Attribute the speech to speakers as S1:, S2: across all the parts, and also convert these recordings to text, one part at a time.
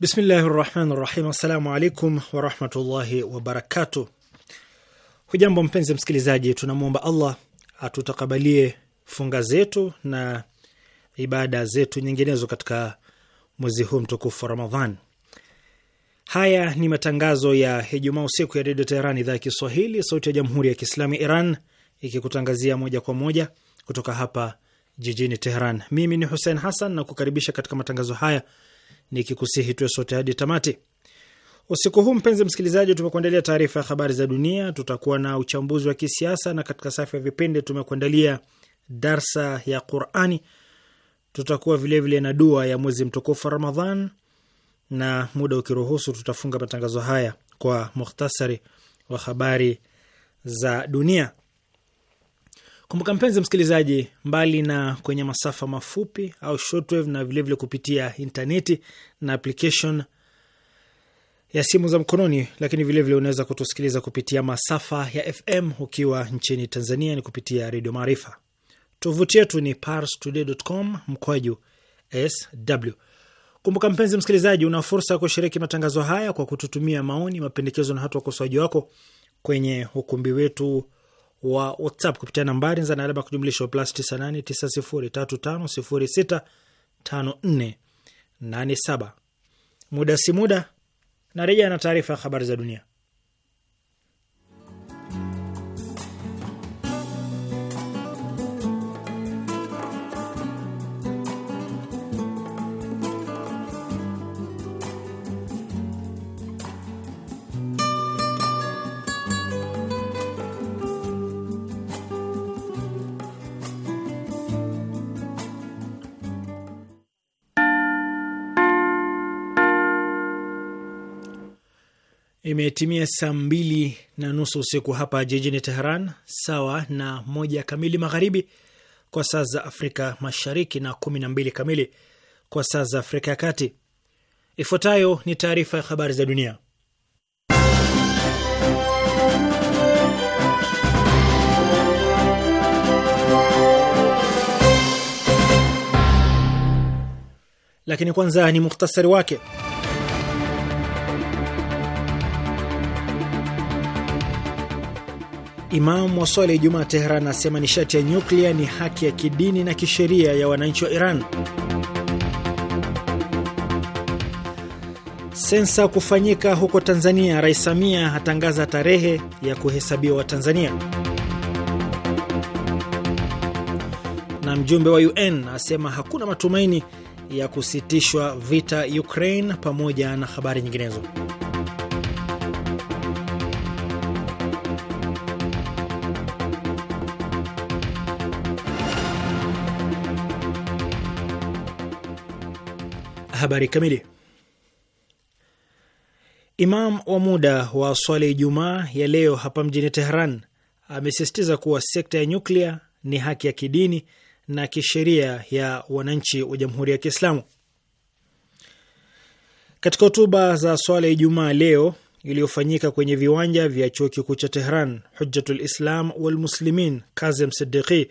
S1: Bismillahi rahmani rahim. Assalamu alaikum warahmatullahi wabarakatu. Hujambo mpenzi msikilizaji, tunamwomba Allah atutakabalie funga zetu na ibada zetu nyinginezo katika mwezi huu mtukufu wa Ramadhan. Haya ni matangazo ya Ijumaa usiku ya Redio Teheran, idhaa ya Kiswahili, sauti ya Jamhuri ya Kiislamu Iran, ikikutangazia moja kwa moja kutoka hapa jijini Teheran. Mimi ni Hussein Hassan na kukaribisha katika matangazo haya nikikusihi tuwe sote hadi tamati. Usiku huu mpenzi msikilizaji, tumekuandalia taarifa ya habari za dunia, tutakuwa na uchambuzi wa kisiasa, na katika safu ya vipindi tumekuandalia darsa ya Qurani, tutakuwa vilevile na dua ya mwezi mtukufu wa Ramadhan, na muda ukiruhusu, tutafunga matangazo haya kwa mukhtasari wa habari za dunia. Kumbuka mpenzi msikilizaji, mbali na kwenye masafa mafupi au shortwave, na vilevile vile kupitia intaneti na application ya simu za mkononi, lakini vilevile unaweza kutusikiliza kupitia masafa ya FM ukiwa nchini Tanzania ni kupitia Redio Maarifa. Tovuti yetu ni parstoday.com mkwaju sw. Kumbuka mpenzi msikilizaji, una fursa ya kushiriki matangazo haya kwa kututumia maoni, mapendekezo na hata ukosoaji wako kwenye ukumbi wetu wa WhatsApp kupitia nambari za na alama kujumlisha plus 989035065487. Muda si muda narejea na taarifa ya habari za dunia. Imetimia saa mbili na nusu usiku hapa jijini Teheran, sawa na moja kamili magharibi kwa saa za Afrika Mashariki na kumi na mbili kamili kwa saa za Afrika ya Kati. Ifuatayo ni taarifa ya habari za dunia, lakini kwanza ni muhtasari wake. Imam wa swala ya Ijumaa Teheran anasema nishati ya nyuklia ni haki ya kidini na kisheria ya wananchi wa Iran. Sensa kufanyika huko Tanzania, Rais Samia atangaza tarehe ya kuhesabiwa Watanzania. Na mjumbe wa UN asema hakuna matumaini ya kusitishwa vita Ukraine, pamoja na habari nyinginezo. Habari kamili. Imam wa muda wa swala Ijumaa ya leo hapa mjini teheran amesisitiza kuwa sekta ya nyuklia ni haki ya kidini na kisheria ya wananchi wa Jamhuri ya Kiislamu. Katika hotuba za swala Ijumaa leo iliyofanyika kwenye viwanja vya chuo kikuu cha Tehran, Hujjatul Islam Walmuslimin Kazem Siddiqi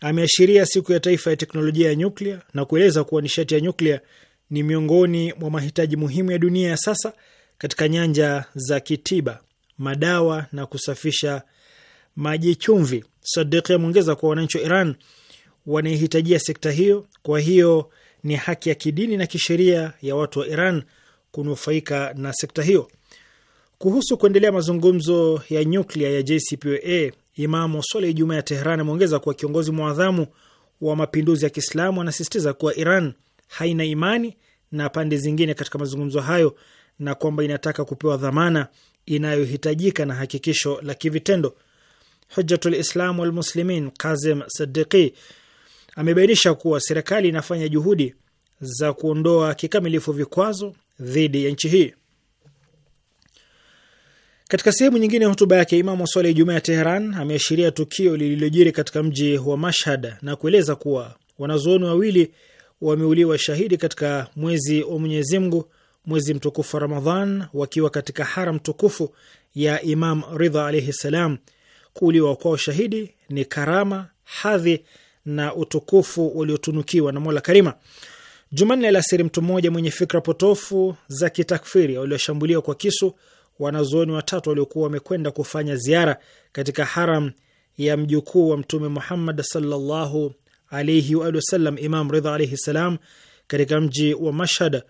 S1: ameashiria siku ya taifa ya teknolojia ya nyuklia na kueleza kuwa nishati ya nyuklia ni miongoni mwa mahitaji muhimu ya dunia ya sasa katika nyanja za kitiba, madawa na kusafisha maji chumvi. Sadiki ameongeza kuwa wananchi wa Iran wanaihitajia sekta hiyo, kwa hiyo ni haki ya kidini na kisheria ya watu wa Iran kunufaika na sekta hiyo. Kuhusu kuendelea mazungumzo ya nyuklia ya JCPOA, Imamu swala Ijumaa ya Tehran ameongeza kuwa kiongozi mwadhamu wa mapinduzi ya Kiislamu anasisitiza kuwa Iran haina imani na pande zingine katika mazungumzo hayo na kwamba inataka kupewa dhamana inayohitajika na hakikisho la kivitendo. Hujjatul Islam wal Muslimin Kazem amebainisha kuwa serikali inafanya juhudi za kuondoa kikamilifu vikwazo dhidi ya nchi hii. Katika sehemu nyingine ya hotuba yake, Imamu wa Ijumaa ya Teheran ameashiria tukio lililojiri katika mji wa Mashhad na kueleza kuwa wanazuoni wawili wameuliwa shahidi katika mwezi wa Mwenyezi Mungu, mwezi mtukufu wa Ramadhan, wakiwa katika haram tukufu ya Imam Ridha alaihi salam. Kuuliwa kwao shahidi ni karama, hadhi na utukufu uliotunukiwa na Mola Karima. Jumanne alasiri, mtu mmoja mwenye fikra potofu za kitakfiri walioshambuliwa kwa kisu wanazuoni watatu waliokuwa wamekwenda kufanya ziara katika haram ya mjukuu wa Mtume Muhammad sallallahu alaihi waalihi wasallam Imam Ridha alaihi ssalam katika mji wa Mashhad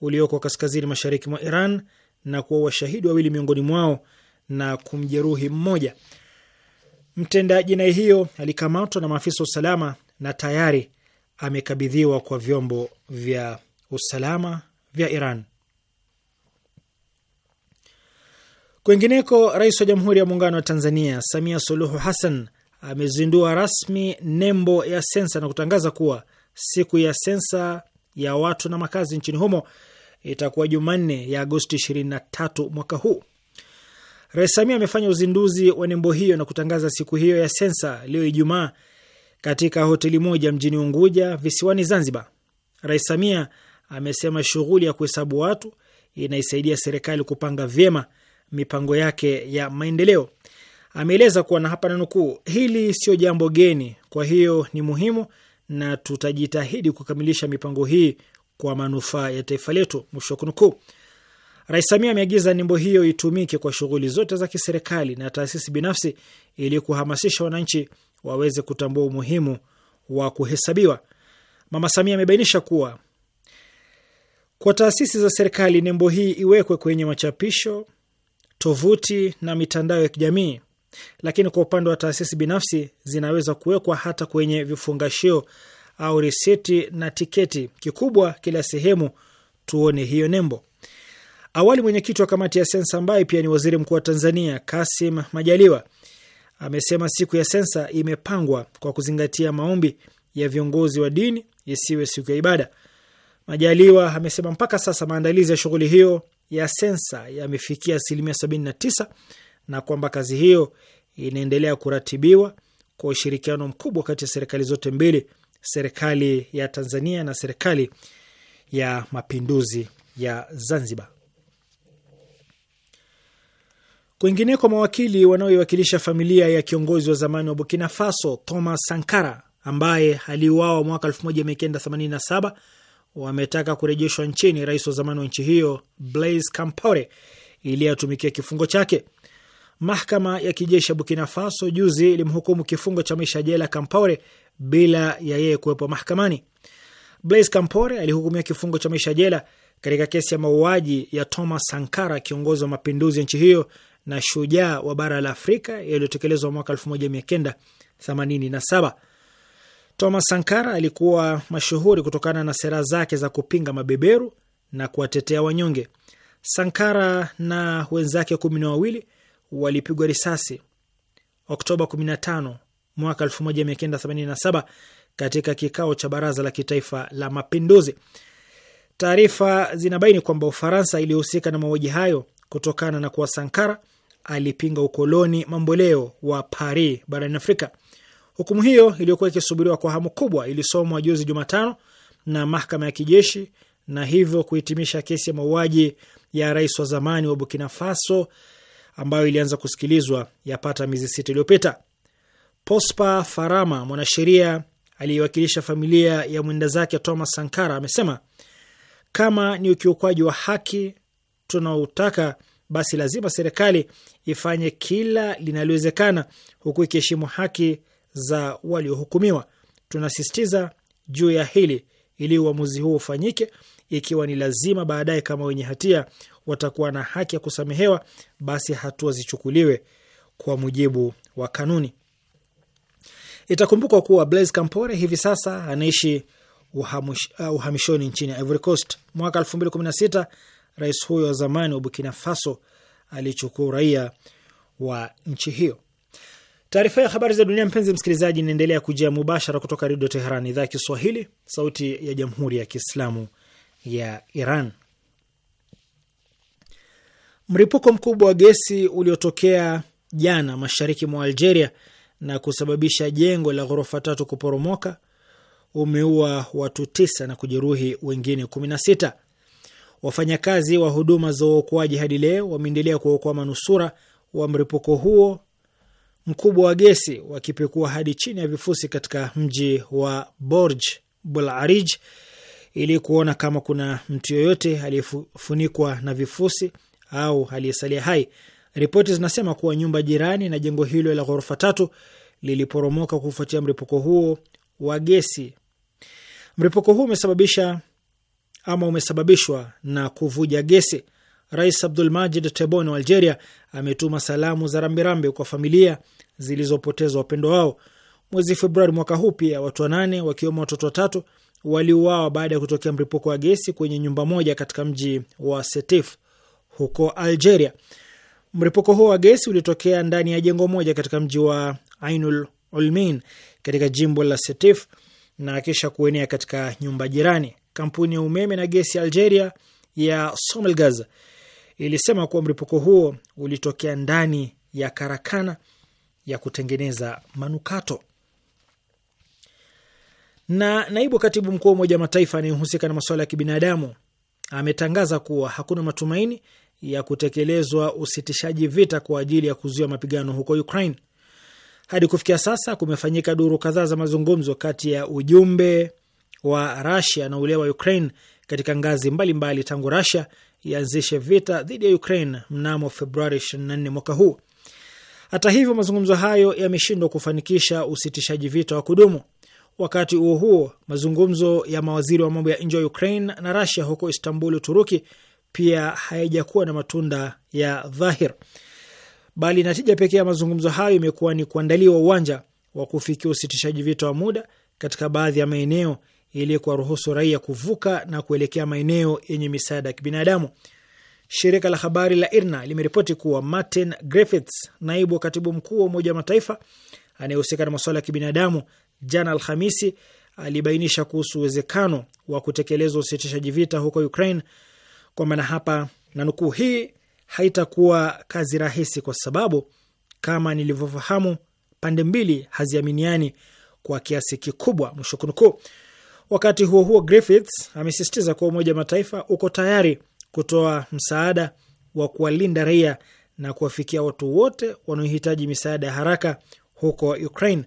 S1: ulioko kaskazini mashariki mwa Iran na kuwa washahidi wawili miongoni mwao na kumjeruhi mmoja. Mtenda jinai hiyo alikamatwa na maafisa wa usalama na tayari amekabidhiwa kwa vyombo vya usalama vya Iran. Kwingineko, Rais wa Jamhuri ya Muungano wa Tanzania Samia Suluhu Hassan amezindua rasmi nembo ya sensa na kutangaza kuwa siku ya sensa ya watu na makazi nchini humo itakuwa Jumanne ya Agosti 23 mwaka huu. Rais Samia amefanya uzinduzi wa nembo hiyo na kutangaza siku hiyo ya sensa leo Ijumaa katika hoteli moja mjini Unguja visiwani Zanzibar. Rais Samia amesema shughuli ya kuhesabu watu inaisaidia serikali kupanga vyema mipango yake ya maendeleo. Ameeleza kuwa na hapa nanukuu, hili sio jambo geni, kwa hiyo ni muhimu na tutajitahidi kukamilisha mipango hii kwa manufaa ya taifa letu, mwisho wa kunukuu. Rais Samia ameagiza nembo hiyo itumike kwa shughuli zote za kiserikali na taasisi binafsi ili kuhamasisha wananchi waweze kutambua umuhimu wa kuhesabiwa. Mama Samia amebainisha kuwa kwa taasisi za serikali nembo hii iwekwe kwenye machapisho, tovuti na mitandao ya kijamii lakini kwa upande wa taasisi binafsi zinaweza kuwekwa hata kwenye vifungashio au risiti na tiketi. Kikubwa kila sehemu tuone hiyo nembo. Awali mwenyekiti wa kamati ya sensa ambaye pia ni waziri mkuu wa Tanzania Kasim Majaliwa amesema siku ya sensa imepangwa kwa kuzingatia maombi ya viongozi wa dini isiwe siku ya ibada. Majaliwa amesema mpaka sasa maandalizi ya shughuli hiyo ya sensa yamefikia asilimia 79 na kwamba kazi hiyo inaendelea kuratibiwa kwa ushirikiano mkubwa kati ya serikali zote mbili, serikali ya Tanzania na serikali ya mapinduzi ya Zanzibar. Kwingineko, mawakili wanaoiwakilisha familia ya kiongozi wa zamani wa Burkina Faso Thomas Sankara ambaye aliuawa mwaka 1987 wametaka kurejeshwa nchini rais wa zamani wa nchi hiyo Blaise Compaore ili atumikie kifungo chake. Mahakama ya kijeshi ya Burkina Faso juzi ilimhukumu kifungo cha maisha jela Kampore bila ya yeye kuwepo mahakamani. Blaise Campore alihukumiwa kifungo cha maisha jela katika kesi ya mauaji ya Thomas Sankara, kiongozi wa mapinduzi ya nchi hiyo na shujaa wa bara la Afrika yaliyotekelezwa mwaka 1987. Thomas Sankara alikuwa mashuhuri kutokana na sera zake za kupinga mabeberu na kuwatetea wanyonge. Sankara na wenzake kumi na wawili walipigwa risasi Oktoba 15 mwaka 1987 katika kikao cha baraza la kitaifa la mapinduzi. Taarifa zinabaini kwamba Ufaransa iliyohusika na mauaji hayo kutokana na kuwa Sankara alipinga ukoloni mamboleo wa Paris barani Afrika. Hukumu hiyo iliyokuwa ikisubiriwa kwa hamu kubwa ilisomwa juzi Jumatano na mahakama ya kijeshi na hivyo kuhitimisha kesi ya mauaji ya rais wa zamani wa Burkina Faso ambayo ilianza kusikilizwa yapata miezi sita iliyopita. Pospa Farama, mwanasheria aliyewakilisha familia ya mwenda zake Thomas Sankara, amesema kama ni ukiukwaji wa haki tunaotaka, basi lazima serikali ifanye kila linalowezekana, huku ikiheshimu haki za waliohukumiwa. Tunasisitiza juu ya hili ili uamuzi huo ufanyike, ikiwa ni lazima baadaye, kama wenye hatia watakuwa na haki ya kusamehewa, basi hatua zichukuliwe kwa mujibu wa kanuni. Itakumbukwa kuwa Blaise Campore hivi sasa anaishi uh, uhamishoni nchini Ivory Coast. Mwaka elfu mbili kumi na sita rais huyo wa zamani wa Burkina Faso alichukua uraia wa nchi hiyo. Taarifa ya habari za dunia, mpenzi msikilizaji, inaendelea kujia mubashara kutoka Redio Teheran, idhaa ya Kiswahili, sauti ya jamhuri ya kiislamu ya Iran. Mlipuko mkubwa wa gesi uliotokea jana mashariki mwa Algeria na kusababisha jengo la ghorofa tatu kuporomoka umeua watu tisa na kujeruhi wengine kumi na sita. Wafanyakazi wa huduma za uokoaji hadi leo wameendelea kuokoa manusura wa mlipuko huo mkubwa wa gesi wakipekua hadi chini ya vifusi katika mji wa Borj Bularij ili kuona kama kuna mtu yoyote aliyefunikwa na vifusi au aliyesalia hai. Ripoti zinasema kuwa nyumba jirani na jengo hilo la ghorofa tatu liliporomoka kufuatia mlipuko huo wa gesi. Mlipuko huo umesababisha ama umesababishwa na kuvuja gesi. Rais Abdul Majid Tebboune wa Algeria ametuma salamu za rambirambi kwa familia zilizopoteza wapendo wao. Mwezi Februari mwaka huu pia watu wanane wakiwemo watoto watatu waliuawa baada ya kutokea mlipuko wa gesi kwenye nyumba moja katika mji wa Setif huko Algeria. Mlipuko huo wa gesi ulitokea ndani ya jengo moja katika mji wa Ainul Olmin katika jimbo la Setif na kisha kuenea katika nyumba jirani. Kampuni ya umeme na gesi ya Algeria ya Somelgaz ilisema kuwa mlipuko huo ulitokea ndani ya karakana ya kutengeneza manukato. Na naibu katibu mkuu wa Umoja wa Mataifa anayehusika na masuala ya kibinadamu ametangaza kuwa hakuna matumaini ya kutekelezwa usitishaji vita kwa ajili ya kuzuia mapigano huko Ukraine. Hadi kufikia sasa kumefanyika duru kadhaa za mazungumzo kati ya ujumbe wa Russia na ule wa Ukraine katika ngazi mbalimbali mbali tangu Russia ianzishe vita dhidi ya Ukraine mnamo Februari 24 mwaka huu. Hata hivyo, mazungumzo hayo yameshindwa kufanikisha usitishaji vita wa kudumu. Wakati huo huo, mazungumzo ya mawaziri wa mambo ya nje wa Ukraine na Russia huko Istanbul, Uturuki pia haijakuwa na matunda ya dhahir, bali natija pekee ya mazungumzo hayo imekuwa ni kuandaliwa uwanja wa kufikia usitishaji vita wa muda katika baadhi ya maeneo ili kuwaruhusu raia kuvuka na kuelekea maeneo yenye misaada ya kibinadamu. Shirika la habari la IRNA limeripoti kuwa Martin Griffiths, naibu katibu mkuu wa Umoja wa Mataifa anayehusika na masuala ya kibinadamu, jana Alhamisi alibainisha kuhusu uwezekano wa kutekelezwa usitishaji vita huko Ukraine kwa maana hapa na nukuu, hii haitakuwa kazi rahisi, kwa sababu kama nilivyofahamu, pande mbili haziaminiani kwa kiasi kikubwa, mwisho kunukuu. Wakati huo huo, Griffiths amesisitiza kuwa Umoja wa Mataifa uko tayari kutoa msaada wa kuwalinda raia na kuwafikia watu wote wanaohitaji misaada ya haraka huko Ukraine.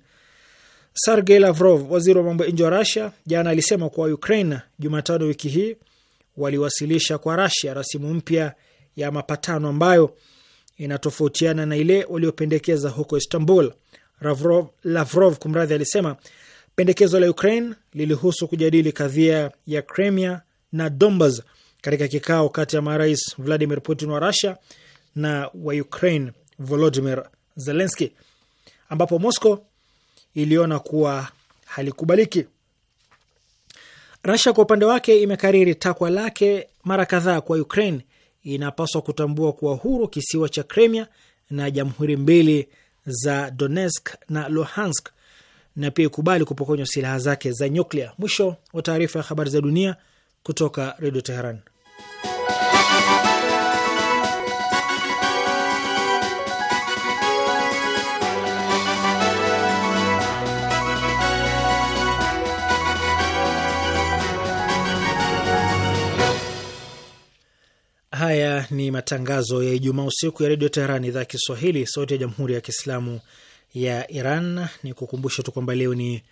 S1: Sergei Lavrov, waziri wa mambo ya nje wa Russia, jana alisema kuwa Ukraine Jumatano wiki hii waliwasilisha kwa Rasia rasimu mpya ya mapatano ambayo inatofautiana na ile waliopendekeza huko Istanbul. Lavrov, Lavrov kumradhi, alisema pendekezo la Ukraine lilihusu kujadili kadhia ya Crimea na Donbas katika kikao kati ya marais Vladimir Putin wa rusia na wa Ukraine volodimir zelenski ambapo Moscow iliona kuwa halikubaliki. Rasia kwa upande wake imekariri takwa lake mara kadhaa kwa Ukraine inapaswa kutambua kuwa huru kisiwa cha Crimea na jamhuri mbili za Donetsk na Luhansk na pia ikubali kupokonywa silaha zake za nyuklia. Mwisho wa taarifa ya habari za dunia kutoka Redio Teheran. Haya ni matangazo ya Ijumaa usiku ya redio Teheran, idhaa ya Kiswahili, sauti ya jamhuri ya kiislamu ya Iran. Ni kukumbusha tu kwamba leo ni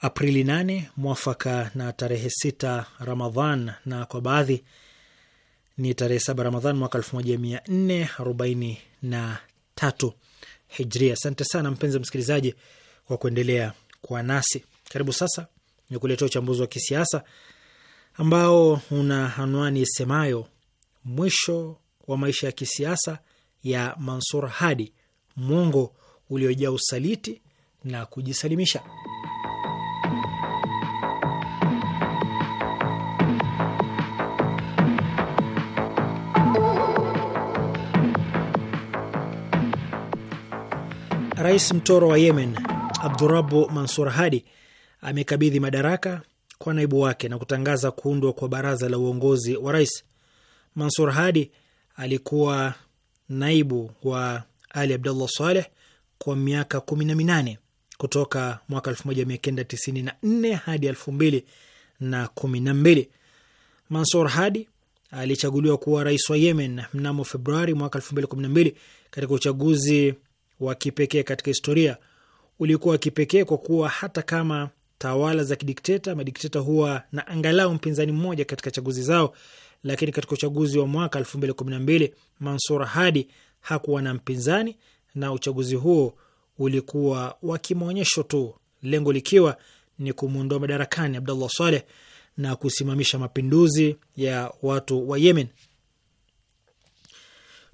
S1: Aprili 8 mwafaka na tarehe 6 Ramadhan, na kwa baadhi ni tarehe 7 Ramadhan mwaka 1443 Hijria. Asante sana mpenzi msikilizaji kwa kuendelea kwa nasi. Karibu sasa ni kuletea uchambuzi wa kisiasa ambao una anwani isemayo mwisho wa maisha ya kisiasa ya Mansur Hadi, mwongo uliojaa usaliti na kujisalimisha. Rais mtoro wa Yemen Abdurabu Mansur Hadi amekabidhi madaraka kwa naibu wake na kutangaza kuundwa kwa baraza la uongozi wa rais. Mansur Hadi alikuwa naibu wa Ali Abdullah Saleh kwa miaka kumi na minane kutoka mwaka elfu moja mia kenda tisini na nne hadi elfu mbili na kumi na mbili. Mansur Hadi alichaguliwa kuwa rais wa Yemen mnamo Februari mwaka elfu mbili kumi na mbili katika uchaguzi wa kipekee katika historia. Ulikuwa kipekee kwa kuwa hata kama tawala za kidikteta, madikteta huwa na angalau mpinzani mmoja katika chaguzi zao, lakini katika uchaguzi wa mwaka 2012 Mansur Hadi hakuwa na mpinzani na uchaguzi huo ulikuwa wa kimaonyesho tu, lengo likiwa ni kumwondoa madarakani Abdullah Saleh na kusimamisha mapinduzi ya watu wa Yemen.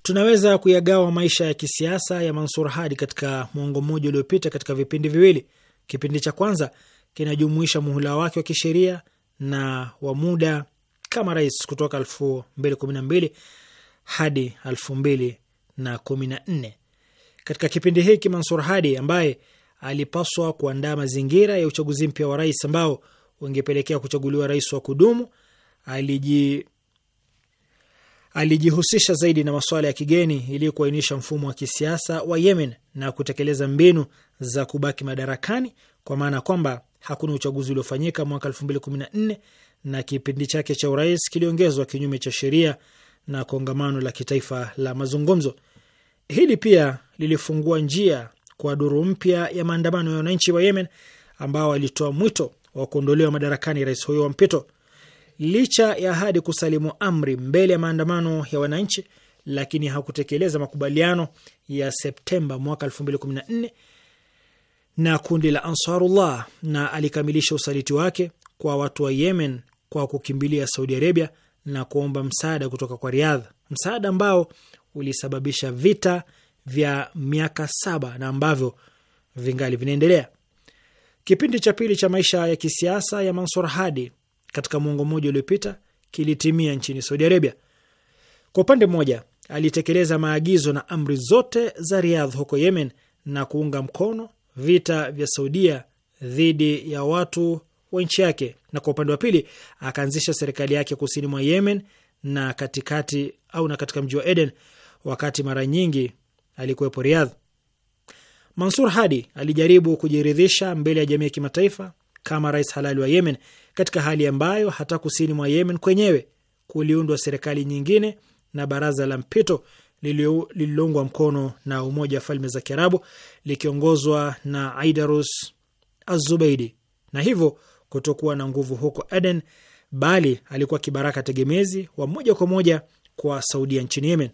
S1: Tunaweza kuyagawa maisha ya kisiasa ya Mansur Hadi katika mwongo mmoja uliopita katika vipindi viwili. Kipindi cha kwanza kinajumuisha muhula wake wa kisheria na wa muda kama rais kutoka 2012 hadi 2014. Katika kipindi hiki Mansur Hadi ambaye alipaswa kuandaa mazingira ya uchaguzi mpya wa rais ambao ungepelekea kuchaguliwa rais wa kudumu aliji alijihusisha zaidi na masuala ya kigeni ili kuainisha mfumo wa kisiasa wa Yemen na kutekeleza mbinu za kubaki madarakani, kwa maana kwamba hakuna uchaguzi uliofanyika mwaka nne na kipindi chake cha urais kiliongezwa kinyume cha sheria na kongamano la kitaifa la mazungumzo. Hili pia lilifungua njia kwa duru mpya ya maandamano ya wananchi wa Yemen ambao walitoa mwito wa kuondolewa madarakani rais huyo wa mpito. Licha ya ahadi kusalimu amri mbele ya maandamano ya wananchi, lakini hakutekeleza makubaliano ya Septemba mwaka 2014 na kundi la Ansarullah na alikamilisha usaliti wake kwa watu wa Yemen kwa kukimbilia Saudi Arabia na kuomba msaada kutoka kwa Riadh, msaada ambao ulisababisha vita vya miaka saba na ambavyo vingali vinaendelea. Kipindi cha pili cha maisha ya kisiasa ya Mansur Hadi katika muongo mmoja uliopita kilitimia nchini Saudi Arabia. Kwa upande mmoja, alitekeleza maagizo na amri zote za Riyadh huko Yemen na kuunga mkono vita vya Saudia dhidi ya watu wa nchi yake, na kwa upande wa pili akaanzisha serikali yake kusini mwa Yemen na katikati au na katika mji wa Eden, wakati mara nyingi alikuwepo Riyadh. Mansur Hadi alijaribu kujiridhisha mbele ya jamii ya kimataifa kama rais halali wa Yemen, katika hali ambayo hata kusini mwa Yemen kwenyewe kuliundwa serikali nyingine na baraza la mpito lililoungwa mkono na Umoja wa Falme za Kiarabu likiongozwa na Aidarus Azubeidi, na hivyo kutokuwa na nguvu huko Aden, bali alikuwa kibaraka tegemezi wa moja kwa moja kwa Saudia nchini Yemen.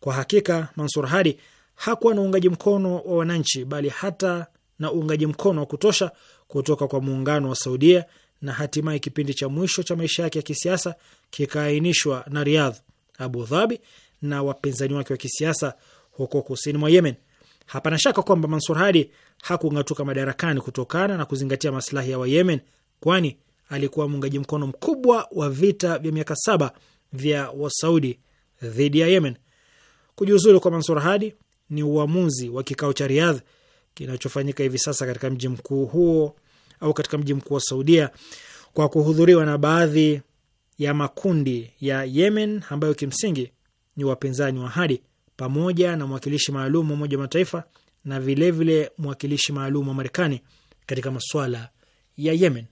S1: Kwa hakika Mansur Hadi hakuwa na uungaji mkono wa wananchi, bali hata na uungaji mkono wa kutosha kutoka kwa muungano wa Saudia, na hatimaye kipindi cha mwisho cha maisha yake ya kisiasa kikaainishwa na Riyadh, Abu Dhabi na wapinzani wake wa kisiasa huko kusini mwa Yemen. Hapana shaka kwamba Mansur Hadi hakung'atuka madarakani kutokana na kuzingatia maslahi ya Wayemen kwani alikuwa muungaji mkono mkubwa wa vita vya miaka saba vya Wasaudi dhidi ya Yemen. Kujiuzulu kwa Mansur Hadi ni uamuzi wa kikao cha riadh kinachofanyika hivi sasa katika mji mkuu huo au katika mji mkuu wa Saudia kwa kuhudhuriwa na baadhi ya makundi ya Yemen ambayo kimsingi ni wapinzani wa Hadi pamoja na mwakilishi maalum wa Umoja wa Mataifa na vilevile vile mwakilishi maalum wa Marekani katika masuala ya Yemen.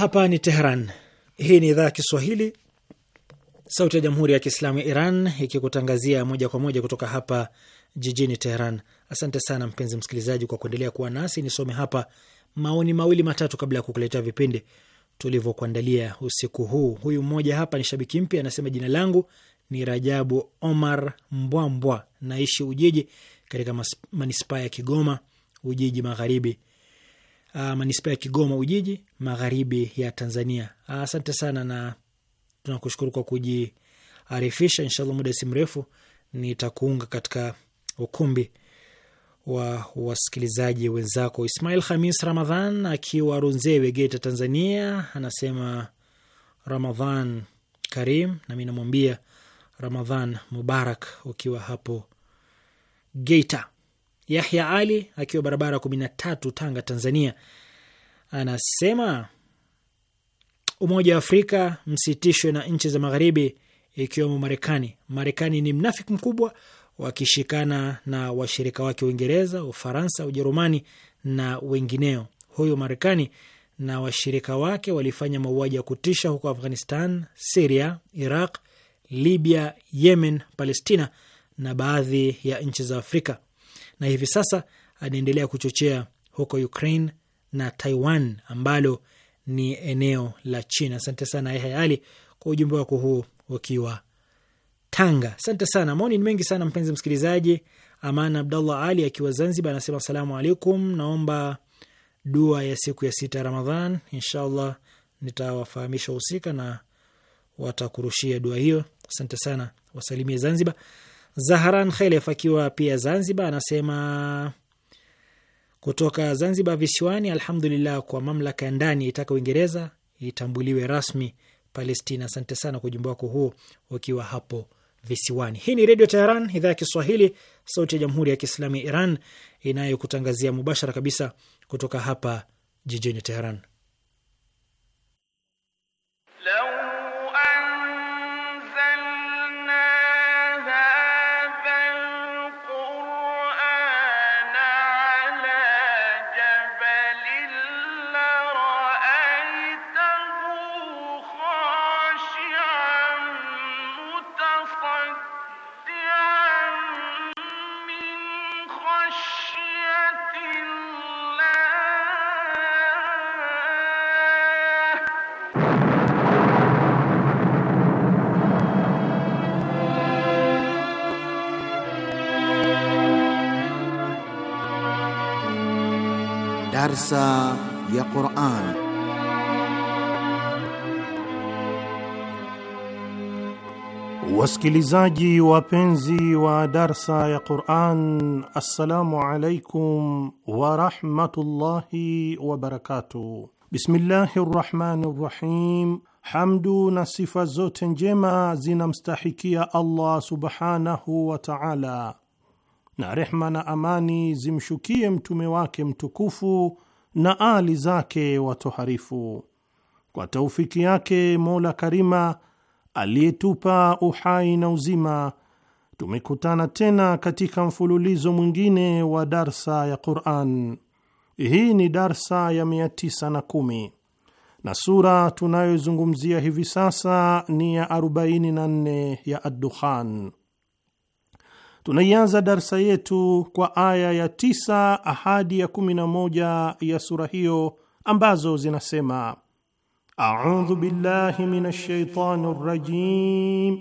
S1: Hapa ni Tehran. Hii ni idhaa ya Kiswahili, sauti ya jamhuri ya kiislamu ya Iran, ikikutangazia moja kwa moja kutoka hapa jijini Tehran. Asante sana mpenzi msikilizaji kwa kuendelea kuwa nasi. Nisome hapa maoni mawili matatu kabla ya kukuletea vipindi tulivyokuandalia usiku huu. Huyu mmoja hapa ni shabiki mpya, anasema jina langu ni Rajabu Omar Mbwambwa, naishi Ujiji katika manispaa ya Kigoma, Ujiji magharibi Uh, manispaa ya Kigoma Ujiji, magharibi ya Tanzania. Uh, asante sana na tunakushukuru kwa kujiarifisha. Inshallah muda si mrefu nitakuunga katika ukumbi wa wasikilizaji wenzako. Ismail Khamis Ramadhan akiwa Runzewe, Geita, Tanzania, anasema Ramadhan Karim, nami namwambia Ramadhan Mubarak ukiwa hapo Geita. Yahya Ali akiwa barabara kumi na tatu, Tanga, Tanzania, anasema Umoja wa Afrika msitishwe na nchi za magharibi ikiwemo Marekani. Marekani ni mnafiki mkubwa, wakishikana na washirika wake Uingereza, Ufaransa, Ujerumani na wengineo. Huyu Marekani na washirika wake walifanya mauaji ya kutisha huko Afghanistan, Siria, Iraq, Libya, Yemen, Palestina na baadhi ya nchi za Afrika na hivi sasa anaendelea kuchochea huko Ukraine na Taiwan ambalo ni eneo la China. Asante sana Yahya Ali kwa ujumbe wako huo ukiwa Tanga. Asante sana. Maoni ni mengi sana, mpenzi msikilizaji. Aman Abdallah Ali akiwa Zanzibar anasema asalamu alaikum, naomba dua ya siku ya sita Ramadhan. Inshallah nitawafahamisha wahusika na watakurushia dua hiyo. Asante sana, wasalimie Zanzibar. Zaharan Khelef akiwa pia Zanzibar anasema kutoka Zanzibar visiwani, alhamdulillah kwa mamlaka ya ndani itaka Uingereza itambuliwe rasmi Palestina. Asante sana kwa ujumbe wako huo ukiwa hapo visiwani. Hii ni Redio Teheran, idhaa ya Kiswahili, sauti ya Jamhuri ya Kiislamu ya Iran inayokutangazia mubashara kabisa kutoka hapa jijini Teheran.
S2: darsa ya Qur'an.
S3: Wasikilizaji wapenzi wa darsa ya Qur'an, assalamu alaikum warahmatullahi wabarakatuh Bismillahi rahmani rahim. Hamdu na sifa zote njema zinamstahikia Allah subhanahu wa ta'ala, na rehma na amani zimshukie mtume wake mtukufu na ali zake watoharifu. Kwa taufiki yake Mola Karima aliyetupa uhai na uzima, tumekutana tena katika mfululizo mwingine wa darsa ya Quran. Hii ni darsa ya 910 na sura tunayozungumzia hivi sasa ni ya 44 ya Addukhan. Tunaianza darsa yetu kwa aya ya tisa ahadi ya kumi na moja ya sura hiyo ambazo zinasema: audhu billahi min shaitani rajim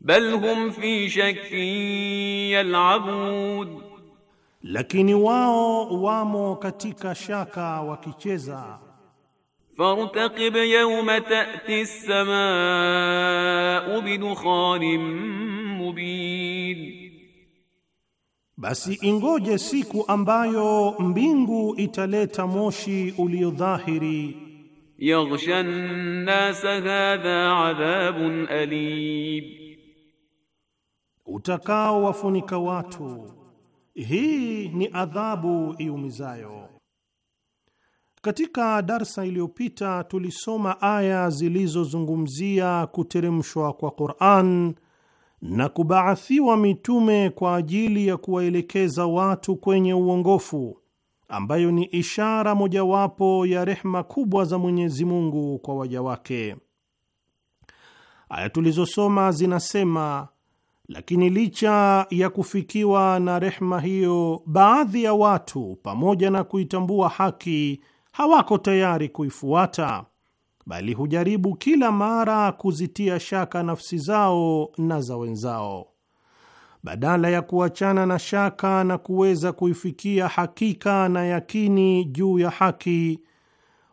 S4: bal hum fi shakkin yalabun,
S3: lakini wao wamo katika shaka wakicheza.
S4: Fartaqib yawma ta'ti as-samaa'u bi mubin
S3: basi ingoje siku ambayo mbingu italeta moshi uliodhahiri.
S4: Yaghsha an nas hadha adhabun
S3: alib, utakao wafunika watu, hii ni adhabu iumizayo. Katika darsa iliyopita tulisoma aya zilizozungumzia kuteremshwa kwa Qur'an na kubaathiwa mitume kwa ajili ya kuwaelekeza watu kwenye uongofu, ambayo ni ishara mojawapo ya rehma kubwa za Mwenyezi Mungu kwa waja wake. Aya tulizosoma zinasema, lakini licha ya kufikiwa na rehma hiyo, baadhi ya watu pamoja na kuitambua haki hawako tayari kuifuata bali hujaribu kila mara kuzitia shaka nafsi zao na za wenzao. Badala ya kuachana na shaka na kuweza kuifikia hakika na yakini juu ya haki,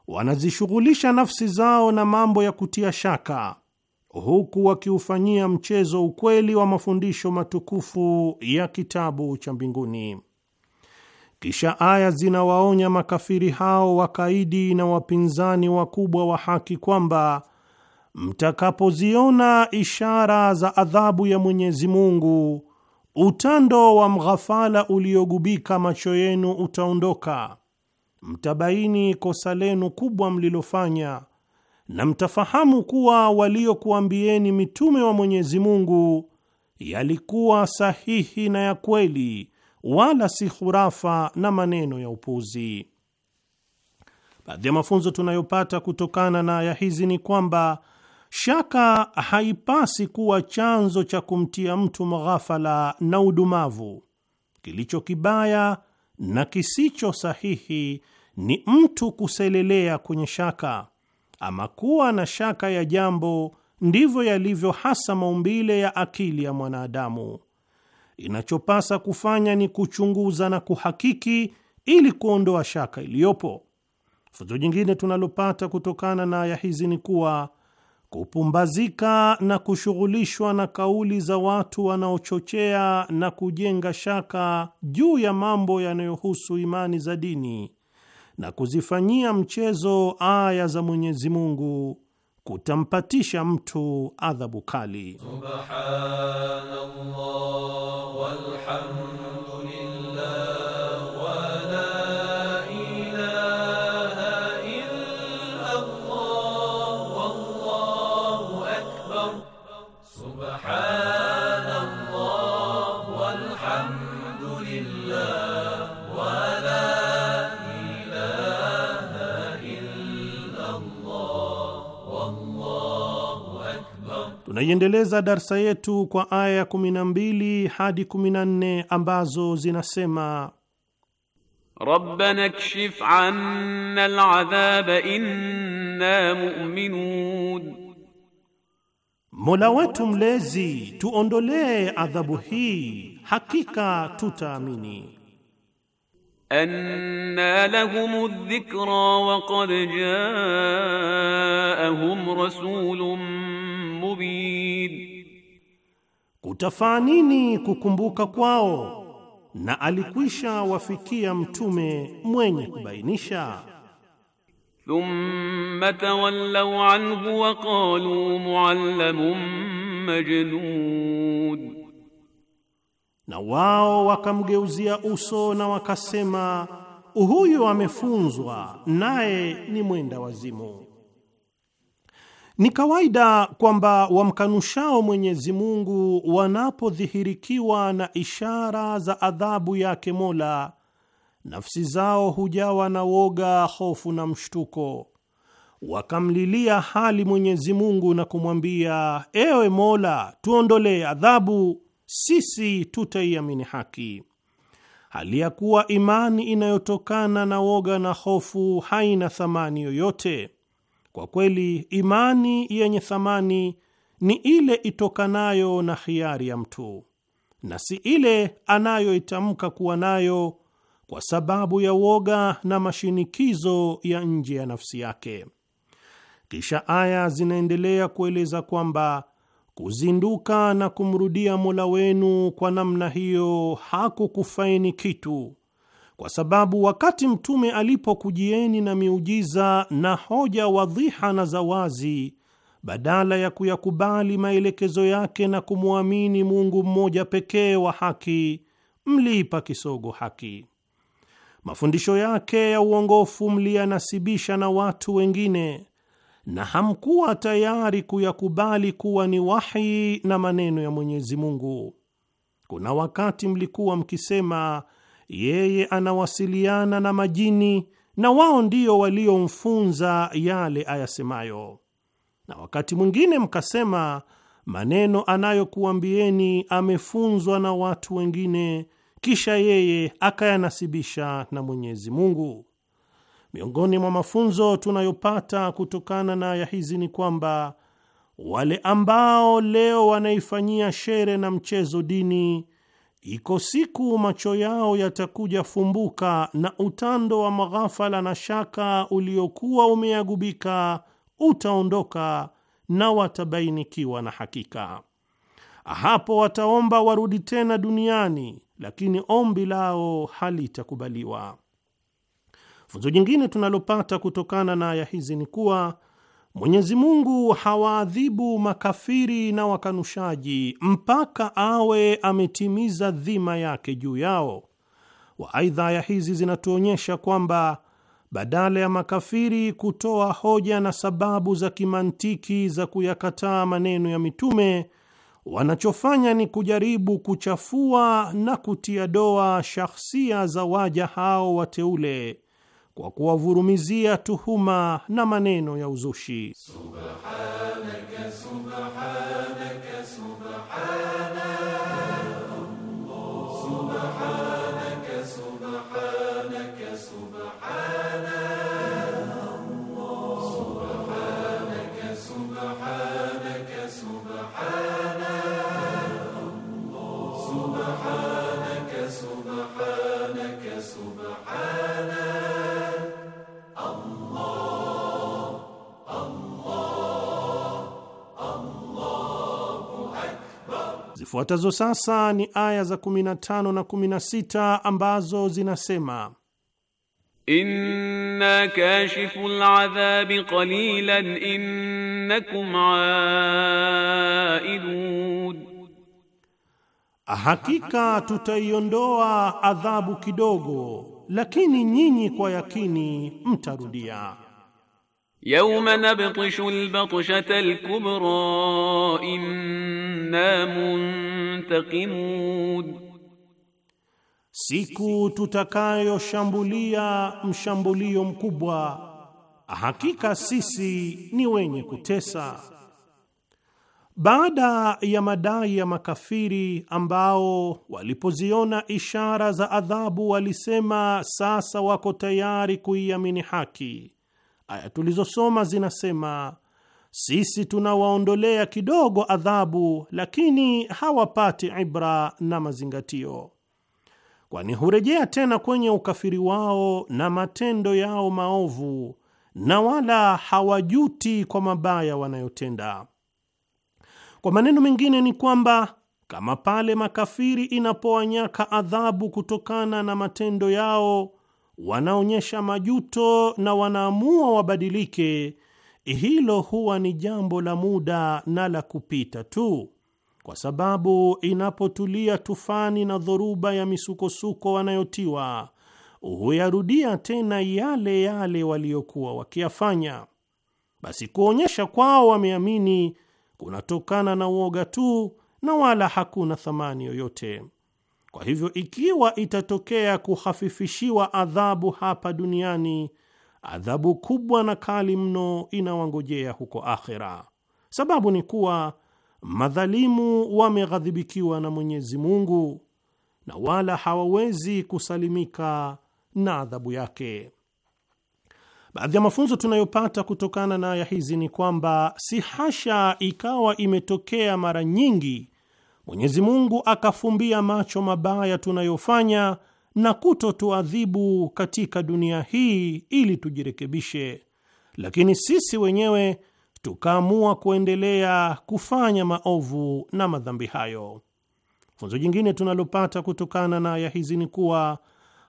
S3: wanazishughulisha nafsi zao na mambo ya kutia shaka, huku wakiufanyia mchezo ukweli wa mafundisho matukufu ya kitabu cha mbinguni. Kisha aya zinawaonya makafiri hao wakaidi na wapinzani wakubwa wa haki kwamba mtakapoziona ishara za adhabu ya Mwenyezi Mungu, utando wa mghafala uliogubika macho yenu utaondoka, mtabaini kosa lenu kubwa mlilofanya, na mtafahamu kuwa waliokuambieni mitume wa Mwenyezi Mungu yalikuwa sahihi na ya kweli wala si hurafa na maneno ya upuzi. Baadhi ya mafunzo tunayopata kutokana na aya hizi ni kwamba shaka haipasi kuwa chanzo cha kumtia mtu maghafala na udumavu. Kilicho kibaya na kisicho sahihi ni mtu kuselelea kwenye shaka, ama kuwa na shaka ya jambo. Ndivyo yalivyo hasa maumbile ya akili ya mwanadamu inachopasa kufanya ni kuchunguza na kuhakiki ili kuondoa shaka iliyopo. Funzo jingine tunalopata kutokana na aya hizi ni kuwa kupumbazika na kushughulishwa na kauli za watu wanaochochea na kujenga shaka juu ya mambo yanayohusu imani za dini na kuzifanyia mchezo aya za Mwenyezi Mungu kutampatisha mtu adhabu kali. Subhanallah
S5: walhamdulillah
S3: Tunaiendeleza darsa yetu kwa aya 12 hadi 14 ambazo zinasema:
S4: Rabbana kshif anna al'adhaba inna mu'minun,
S3: Mola wetu mlezi tuondolee adhabu hii, hakika tutaamini
S4: anna lahum dhikra wa qad jaahum rasulun mubin,
S3: kutafaa nini kukumbuka kwao na alikwisha wafikia mtume mwenye kubainisha. Thumma
S4: tawallaw anhu wa qalu muallamun
S3: majnun na wao wakamgeuzia uso na wakasema, huyu amefunzwa naye ni mwenda wazimu. Ni kawaida kwamba wamkanushao Mwenyezi Mungu wanapodhihirikiwa na ishara za adhabu yake Mola, nafsi zao hujawa na woga, hofu na mshtuko, wakamlilia hali Mwenyezi Mungu na kumwambia, ewe Mola, tuondolee adhabu sisi tutaiamini haki, hali ya kuwa imani inayotokana na woga na hofu haina thamani yoyote. Kwa kweli, imani yenye thamani ni ile itokanayo na hiari ya mtu na si ile anayoitamka kuwa nayo kwa sababu ya woga na mashinikizo ya nje ya nafsi yake. Kisha aya zinaendelea kueleza kwamba Kuzinduka na kumrudia Mola wenu kwa namna hiyo hakukufaini kitu, kwa sababu wakati Mtume alipokujieni na miujiza na hoja wadhiha na za wazi, badala ya kuyakubali maelekezo yake na kumwamini Mungu mmoja pekee wa haki, mliipa kisogo haki. Mafundisho yake ya uongofu mliyanasibisha na watu wengine na hamkuwa tayari kuyakubali kuwa ni wahi na maneno ya Mwenyezi Mungu. Kuna wakati mlikuwa mkisema yeye anawasiliana na majini na wao ndio waliomfunza yale ayasemayo, na wakati mwingine mkasema maneno anayokuambieni amefunzwa na watu wengine, kisha yeye akayanasibisha na Mwenyezi Mungu. Miongoni mwa mafunzo tunayopata kutokana na aya hizi ni kwamba wale ambao leo wanaifanyia shere na mchezo dini, iko siku macho yao yatakuja fumbuka na utando wa maghafala na shaka uliokuwa umeagubika utaondoka na watabainikiwa na hakika. Hapo wataomba warudi tena duniani, lakini ombi lao halitakubaliwa. Funzo jingine tunalopata kutokana na aya hizi ni kuwa Mwenyezi Mungu hawaadhibu makafiri na wakanushaji mpaka awe ametimiza dhima yake juu yao. Waaidha, aya hizi zinatuonyesha kwamba badala ya makafiri kutoa hoja na sababu za kimantiki za kuyakataa maneno ya mitume, wanachofanya ni kujaribu kuchafua na kutia doa shahsia za waja hao wateule kwa kuwavurumizia tuhuma na maneno ya uzushi. Subhanaka, subhanaka,
S5: subhanaka.
S3: Zifuatazo sasa ni aya za 15 na 16 ambazo zinasema
S4: Inna kashifu al-adhabi qalilan innakum
S3: aidun, hakika tutaiondoa adhabu kidogo, lakini nyinyi kwa yakini mtarudia.
S4: Yawma nabtishu albatshata alkubra
S3: inna muntaqimun, siku tutakayoshambulia mshambulio mkubwa, hakika sisi ni wenye kutesa. Baada ya madai ya makafiri ambao walipoziona ishara za adhabu walisema sasa wako tayari kuiamini haki Aya tulizosoma zinasema sisi tunawaondolea kidogo adhabu, lakini hawapati ibra na mazingatio, kwani hurejea tena kwenye ukafiri wao na matendo yao maovu, na wala hawajuti kwa mabaya wanayotenda. Kwa maneno mengine ni kwamba kama pale makafiri inapowanyaka adhabu kutokana na matendo yao wanaonyesha majuto na wanaamua wabadilike, hilo huwa ni jambo la muda na la kupita tu, kwa sababu inapotulia tufani na dhoruba ya misukosuko wanayotiwa huyarudia tena yale yale waliyokuwa wakiyafanya. Basi kuonyesha kwao wameamini kunatokana na uoga tu na wala hakuna thamani yoyote. Kwa hivyo, ikiwa itatokea kuhafifishiwa adhabu hapa duniani, adhabu kubwa na kali mno inawangojea huko akhera. Sababu ni kuwa madhalimu wameghadhibikiwa na Mwenyezi Mungu na wala hawawezi kusalimika na adhabu yake. Baadhi ya mafunzo tunayopata kutokana na aya hizi ni kwamba si hasha ikawa imetokea mara nyingi Mwenyezi Mungu akafumbia macho mabaya tunayofanya na kutotuadhibu katika dunia hii ili tujirekebishe, lakini sisi wenyewe tukaamua kuendelea kufanya maovu na madhambi hayo. Funzo jingine tunalopata kutokana na aya hizi ni kuwa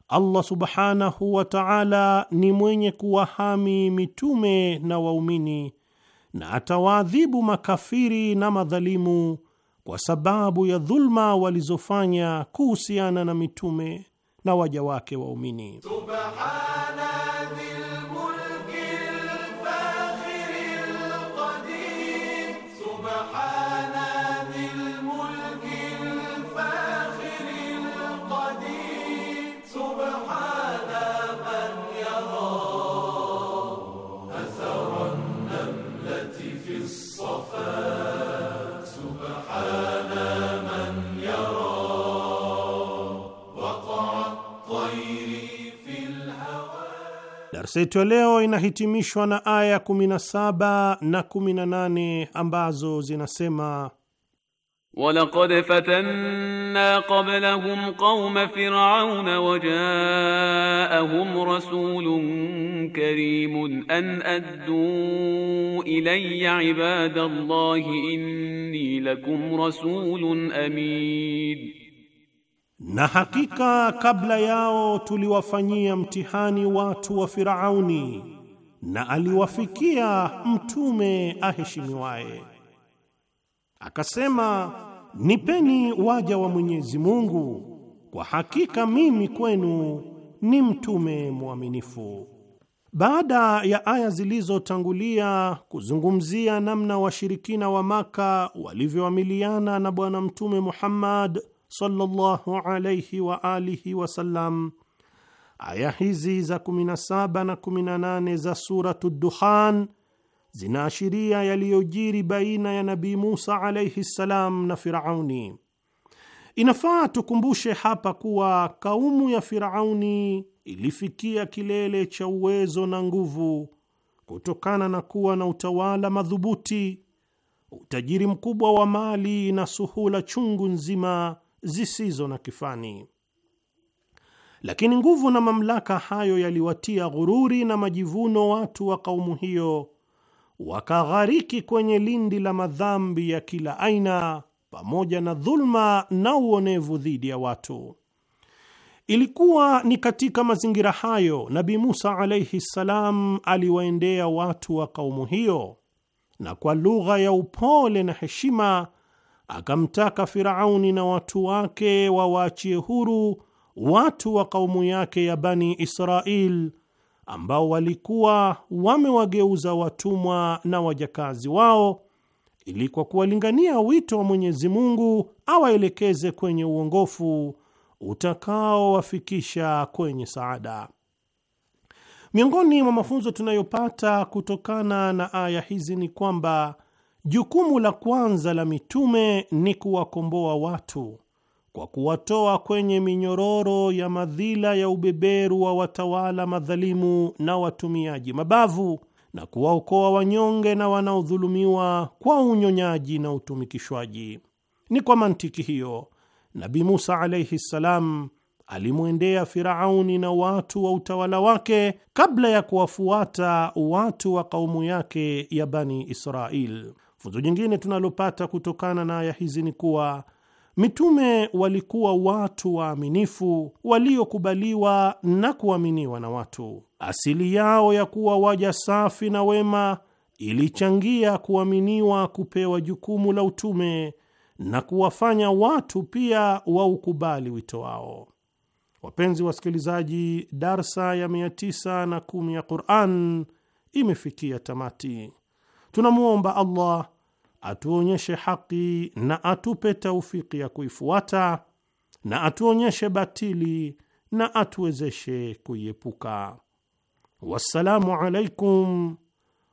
S3: Allah subhanahu wa ta'ala ni mwenye kuwahami mitume na waumini na atawaadhibu makafiri na madhalimu kwa sababu ya dhulma walizofanya kuhusiana na mitume na waja wake waumini Subhana Seto ya leo inahitimishwa na aya 17 na 18 ambazo zinasema
S4: walaqad fatanna qablahum qauma firauna wajaahum rasulun karimun an addu ilayya ibadallahi inni lakum rasulun amin
S3: na hakika kabla yao tuliwafanyia mtihani watu wa Firauni na aliwafikia mtume aheshimiwaye. Akasema, nipeni waja wa Mwenyezi Mungu, kwa hakika mimi kwenu ni mtume mwaminifu. Baada ya aya zilizotangulia kuzungumzia namna washirikina wa Maka walivyoamiliana na Bwana Mtume Muhammad sallallahu alayhi wa alihi sallam, Aya hizi za 17 na 18 za Suratu Dukhan zinaashiria yaliyojiri baina ya Nabii Musa alayhi ssalam na Firauni. Inafaa tukumbushe hapa kuwa kaumu ya Firauni ilifikia kilele cha uwezo na nguvu kutokana na kuwa na utawala madhubuti, utajiri mkubwa wa mali na suhula chungu nzima zisizo na kifani. Lakini nguvu na mamlaka hayo yaliwatia ghururi na majivuno watu wa kaumu hiyo, wakaghariki kwenye lindi la madhambi ya kila aina pamoja na dhulma na uonevu dhidi ya watu. Ilikuwa ni katika mazingira hayo Nabi Musa alaihi ssalam aliwaendea watu wa kaumu hiyo na kwa lugha ya upole na heshima akamtaka Firauni na watu wake wawaachie huru watu wa kaumu yake ya Bani Israil ambao walikuwa wamewageuza watumwa na wajakazi wao, ili kwa kuwalingania wito wa Mwenyezi Mungu awaelekeze kwenye uongofu utakaowafikisha kwenye saada. Miongoni mwa mafunzo tunayopata kutokana na aya hizi ni kwamba Jukumu la kwanza la mitume ni kuwakomboa watu kwa kuwatoa kwenye minyororo ya madhila ya ubeberu wa watawala madhalimu na watumiaji mabavu na kuwaokoa wanyonge na wanaodhulumiwa kwa unyonyaji na utumikishwaji. Ni kwa mantiki hiyo Nabi Musa alaihi ssalam alimwendea Firauni na watu wa utawala wake kabla ya kuwafuata watu wa kaumu yake ya Bani israel Funzo jingine tunalopata kutokana na aya hizi ni kuwa mitume walikuwa watu waaminifu waliokubaliwa na kuaminiwa na watu. Asili yao ya kuwa waja safi na wema ilichangia kuaminiwa, kupewa jukumu la utume na kuwafanya watu pia waukubali wito wao. Wapenzi wasikilizaji, darsa ya 910 ya Qur'an imefikia tamati. Tunamwomba Allah atuonyeshe haki na atupe taufiki ya kuifuata na atuonyeshe batili na atuwezeshe kuiepuka. Wassalamu alaikum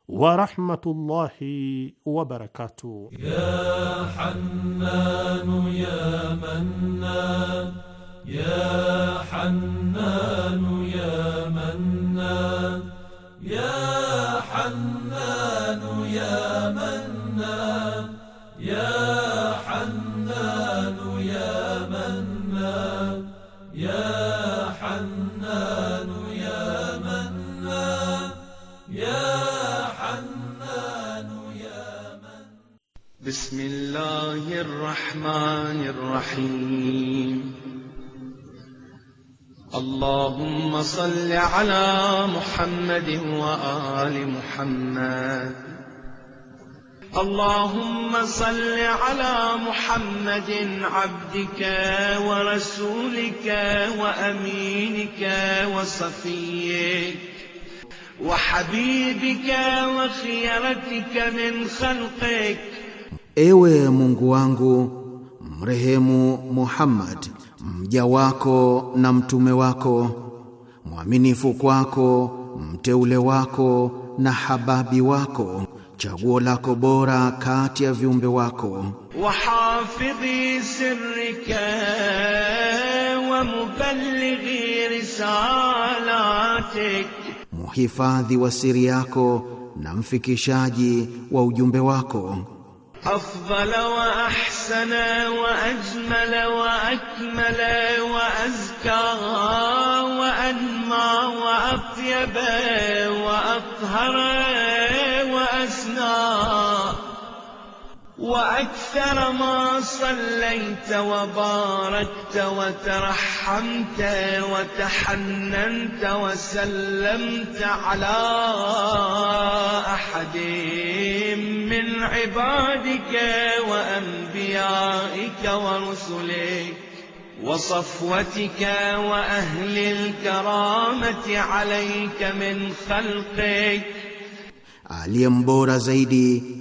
S3: warahmatullahi wabarakatuh. Ya
S4: Hannanu ya Hannanu ya Mannan, حنان يا حنان يا
S5: منان يا حنان يا منان يا حنان يا من
S6: بسم الله الرحمن الرحيم اللهم صل على محمد وآل محمد اللهم صل على محمد عبدك ورسولك وأمينك وصفيك وحبيبك وخيرتك من
S2: خلقك Ewe Mungu wangu mrehemu Muhammad mja wako na mtume wako mwaminifu kwako mteule wako na hababi wako chaguo lako bora kati ya viumbe wako.
S6: wahafidhi sirrika wa
S2: mubalighi risalatik, muhifadhi wa siri yako na mfikishaji wa ujumbe wako.
S6: أفضل وأحسن وأجمل وأكمل وأزكى وأنمى وأطيب وأطهر وأسنى وأكثر ما صليت وباركت وترحمت وتحننت وسلمت على أحد من عبادك وأنبيائك ورسلك وصفوتك وأهل الكرامة عليك من خلقك
S2: aliye mbora زيدي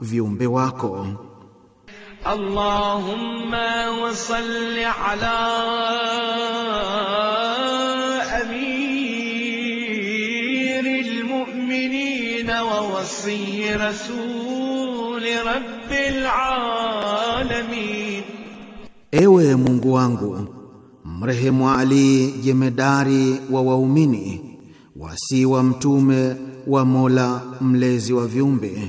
S2: viumbe wako.
S6: Allahumma wa salli ala amiril mu'minin wa wasi rasul rabbil alamin,
S2: Ewe Mungu wangu mrehemu Ali jemedari wa waumini wasi wa mtume wa Mola mlezi wa viumbe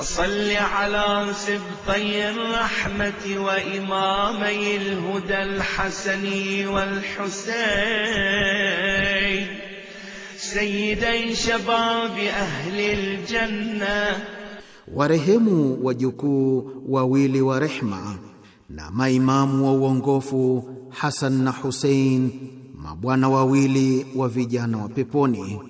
S2: وصل
S6: على سبطي الرحمة وإمامي الهدى الحسن والحسين سيدي شباب أهل الجنة
S2: warehemu wajukuu wawili wa rehma na maimamu wa uongofu Hasan na Husein, mabwana wawili wa vijana wa peponi.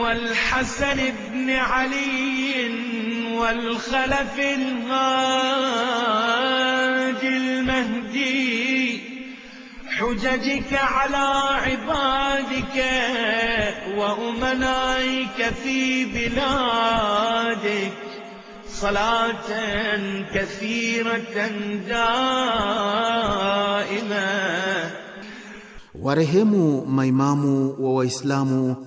S6: والحسن بن علي والخلف الهاج المهدي حججك على عبادك وأمنائك في بلادك صلاة كثيرة
S2: دائمة Warehemu ميمامو wa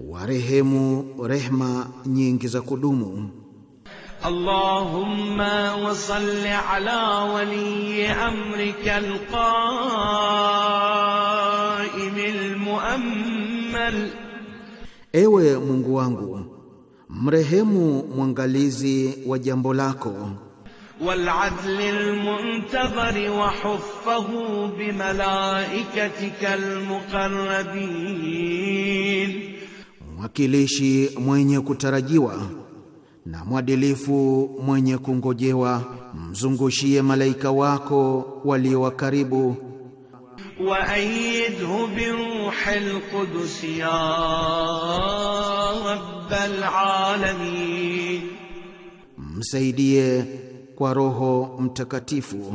S2: warehemu rehma nyingi za kudumu.
S6: Allahumma wa salli ala wali amrika alqaim almuammal,
S2: Ewe Mungu wangu mrehemu mwangalizi wa jambo lako
S6: والعدل المنتظر وحفه بملائكتك المقربين
S2: mwakilishi mwenye kutarajiwa na mwadilifu mwenye kungojewa, mzungushie malaika wako walio wa karibu.
S6: Wa aidhu bi ruhil qudus ya rabbal alamin,
S2: msaidie kwa Roho Mtakatifu